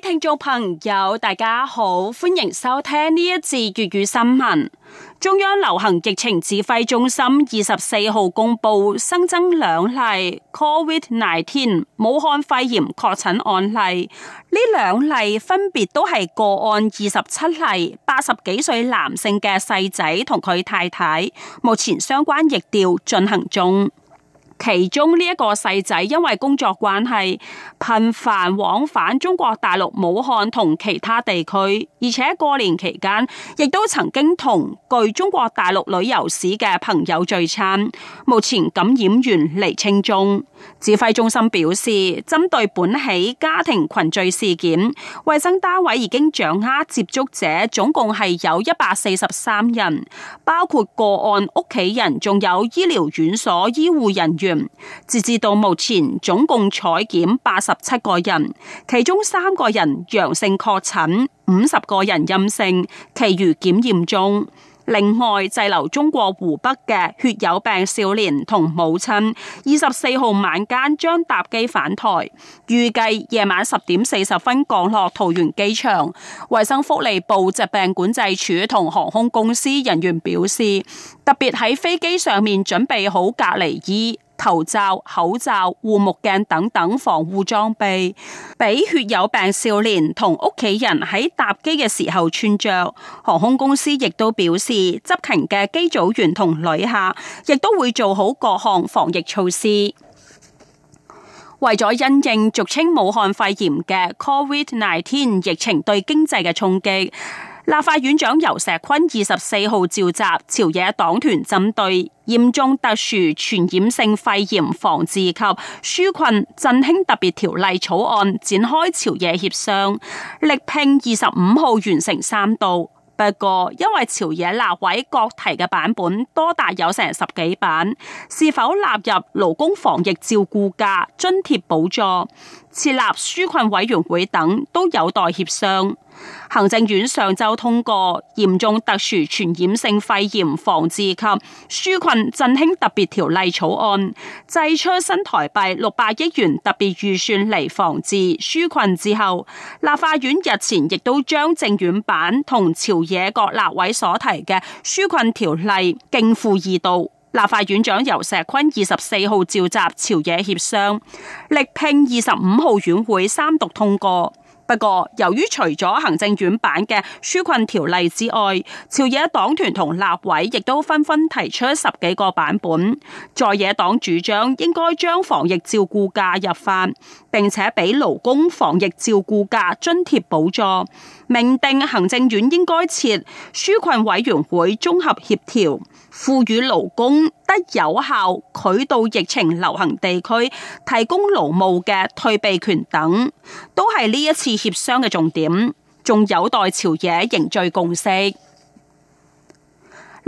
聽眾朋友，大家好，歡迎收聽呢一次粵語新聞。中央流行疫情指揮中心二十四號公布新增兩例 COVID-19 武漢肺炎確診案例，呢兩例分別都係個案二十七例八十幾歲男性嘅細仔同佢太太，目前相關疫調進行中。其中呢一個細仔因為工作關係頻繁往返中國大陸武漢同其他地區，而且過年期間亦都曾經同具中國大陸旅遊史嘅朋友聚餐，目前感染源釐清中。指揮中心表示，針對本起家庭群聚事件，衛生單位已經掌握接觸者，總共係有一百四十三人，包括個案屋企人，仲有醫療院所醫護人員。截至到目前，總共採檢八十七個人，其中三個人陽性確診，五十個人陰性，其餘檢驗中。另外，滯留中國湖北嘅血友病少年同母親，二十四號晚間將搭機返台，預計夜晚十點四十分降落桃園機場。衛生福利部疾病管制署同航空公司人員表示，特別喺飛機上面準備好隔離衣。頭罩、口罩、護目鏡等等防護裝備，俾血友病少年同屋企人喺搭機嘅時候穿着。航空公司亦都表示，執勤嘅機組員同旅客亦都會做好各項防疫措施。為咗因應俗稱武漢肺炎嘅 COVID nineteen 疫情對經濟嘅衝擊。立法院長游錫堃二十四號召集朝野黨團針對嚴重特殊傳染性肺炎防治及紓困振興特別條例草案展開朝野協商，力拼二十五號完成三讀。不過，因為朝野立委各提嘅版本多達有成十幾版，是否納入勞工防疫照顧假津貼補助、設立紓困委員會等，都有待協商。行政院上周通過嚴重特殊傳染性肺炎防治及紓困振興特別條例草案，祭出新台幣六百億元特別預算嚟防治紓困之後，立法院日前亦都將政院版同朝野各立委所提嘅紓困條例逕付二讀。立法院長游錫堃二十四號召集朝野協商，力拼二十五號院會三讀通過。不過，由於除咗行政院版嘅紓困條例之外，朝野黨團同立委亦都紛紛提出十幾個版本，在野黨主張應該將防疫照顧假入法，並且俾勞工防疫照顧假津貼補助。明定行政院應該設紓困委員會綜合協調，賦予勞工得有效渠道疫情流行地區提供勞務嘅退避權等，都係呢一次協商嘅重點，仲有待朝野凝聚共識。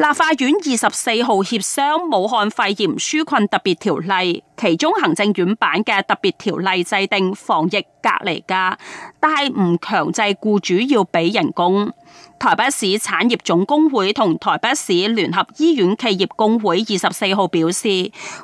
立法院二十四號協商武漢肺炎紓困特別條例，其中行政院版嘅特別條例制定防疫隔離假，但係唔強制僱主要俾人工。台北市產業總工會同台北市聯合醫院企業工會二十四號表示，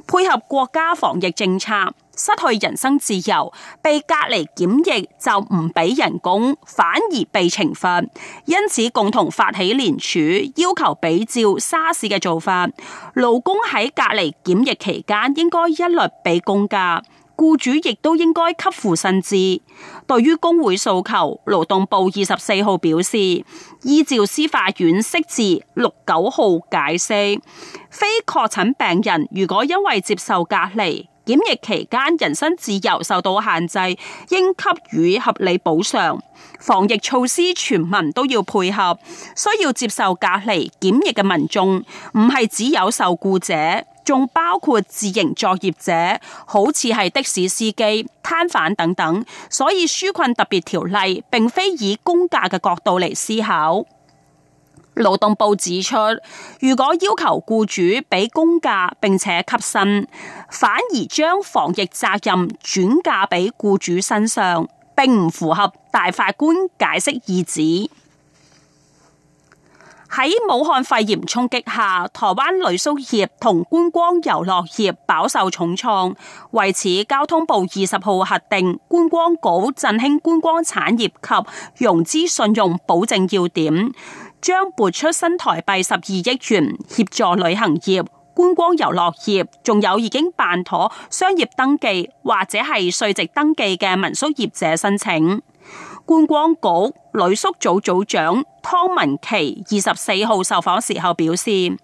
配合國家防疫政策。失去人身自由，被隔離檢疫就唔俾人工，反而被懲罰。因此，共同發起聯署，要求比照沙士嘅做法，勞工喺隔離檢疫期間應該一律俾公假，雇主亦都應該給付薪資。對於工會訴求，勞動部二十四號表示，依照司法院釋字六九號解釋，非確診病人如果因為接受隔離，檢疫期間，人身自由受到限制，應給予合理補償。防疫措施，全民都要配合。需要接受隔離檢疫嘅民眾，唔係只有受僱者，仲包括自營作業者，好似係的士司機、攤販等等。所以紓困特別條例，並非以公價嘅角度嚟思考。勞動部指出，如果要求雇主俾工價並且給薪，反而將防疫責任轉嫁俾雇主身上，並唔符合大法官解釋意旨。喺武漢肺炎衝擊下，台灣旅宿業同觀光遊樂業飽受重創，為此交通部二十號核定觀光局振興觀光產業及融資信用保證要點。將撥出新台幣十二億元協助旅行業、觀光遊樂業，仲有已經辦妥商業登記或者係稅籍登記嘅民宿業者申請。觀光局旅宿組組長湯文琪二十四號受訪時候表示，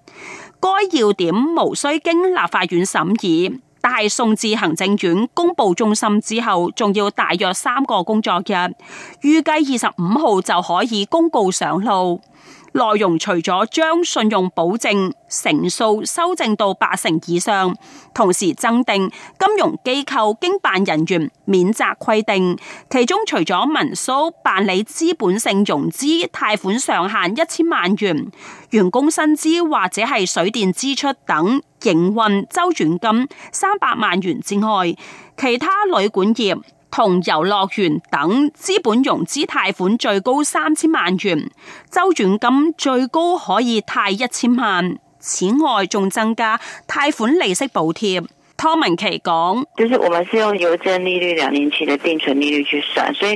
該要點無需經立法院審議，但係送至行政院公布中心之後，仲要大約三個工作日，預計二十五號就可以公告上路。內容除咗將信用保證成數修正到八成以上，同時增定金融機構經辦人員免責規定，其中除咗民宿辦理資本性融資貸款上限一千萬元，員工薪資或者係水電支出等營運周轉金三百萬元之外，其他旅館業同遊樂園等資本融資貸款最高三千萬元，周轉金最高可以貸一千萬。此外，仲增加貸款利息補貼。湯文琪講：就是我們是用郵政利率兩年期的定存利率去算，所以，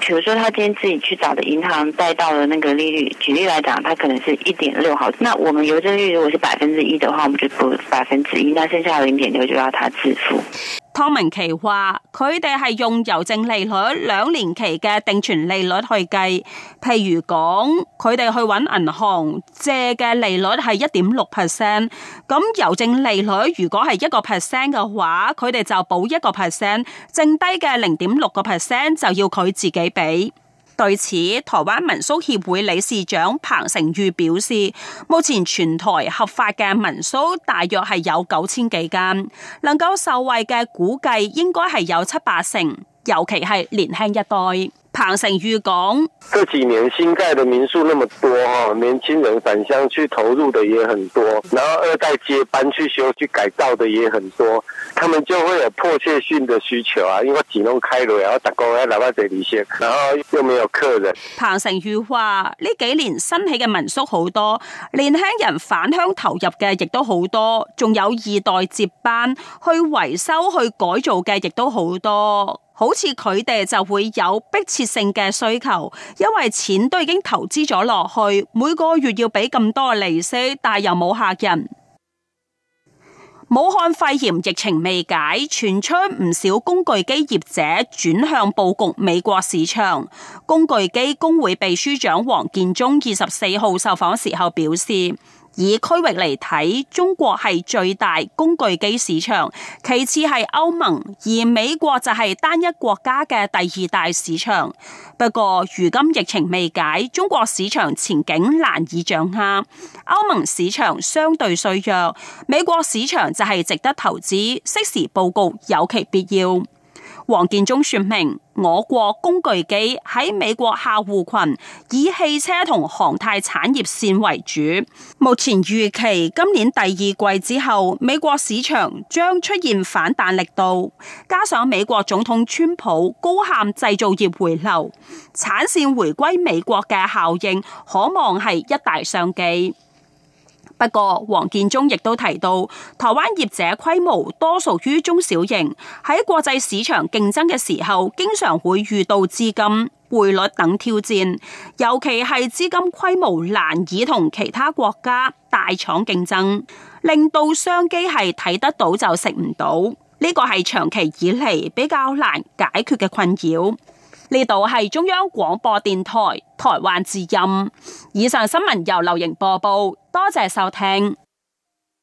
譬如說他今天自己去找的銀行貸到的那個利率，舉例來講，他可能是一點六毫，那我們郵政率如果是百分之一的話，我們就補百分之一，那剩下零點六就要他自付。方明琪話：佢哋係用郵政利率兩年期嘅定存利率去計，譬如講佢哋去揾銀行借嘅利率係一點六 percent，咁郵政利率如果係一個 percent 嘅話，佢哋就補一個 percent，剩低嘅零點六個 percent 就要佢自己俾。對此，台灣民宿協會理事長彭成宇表示，目前全台合法嘅民宿大約係有九千幾間，能夠受惠嘅估計應該係有七八成，尤其係年輕一代。彭成宇講：這幾年新蓋的民宿那麼多，年輕人返鄉去投入的也很多，然後二代接班去修去改造的也很多，他們就會有迫切性的需求啊！因為只能開咗，然後打工要攞翻啲利息，然後又沒有客人。彭成宇話：呢幾年新起嘅民宿好多，年輕人返鄉投入嘅亦都好多，仲有二代接班去維修去改造嘅亦都好多。好似佢哋就會有迫切性嘅需求，因為錢都已經投資咗落去，每個月要俾咁多利息，但又冇客人。武漢肺炎疫情未解，傳出唔少工具機業者轉向佈局美國市場。工具機公會秘書長黃建中二十四號受訪時候表示。以區域嚟睇，中國係最大工具機市場，其次係歐盟，而美國就係單一國家嘅第二大市場。不過，如今疫情未解，中國市場前景難以掌握，歐盟市場相對衰弱，美國市場就係值得投資。適時佈局有其必要。黃建中說明，我國工具機喺美國客戶群以汽車同航太產業線為主。目前預期今年第二季之後，美國市場將出現反彈力度。加上美國總統川普高喊製造業回流，產線回歸美國嘅效應，可望係一大商機。不過，黃建中亦都提到，台灣業者規模多屬於中小型，喺國際市場競爭嘅時候，經常會遇到資金、匯率等挑戰，尤其係資金規模難以同其他國家大廠競爭，令到商機係睇得到就食唔到，呢個係長期以嚟比較難解決嘅困擾。呢度係中央廣播電台台灣之音，以上新聞由劉瑩播報，多謝收聽。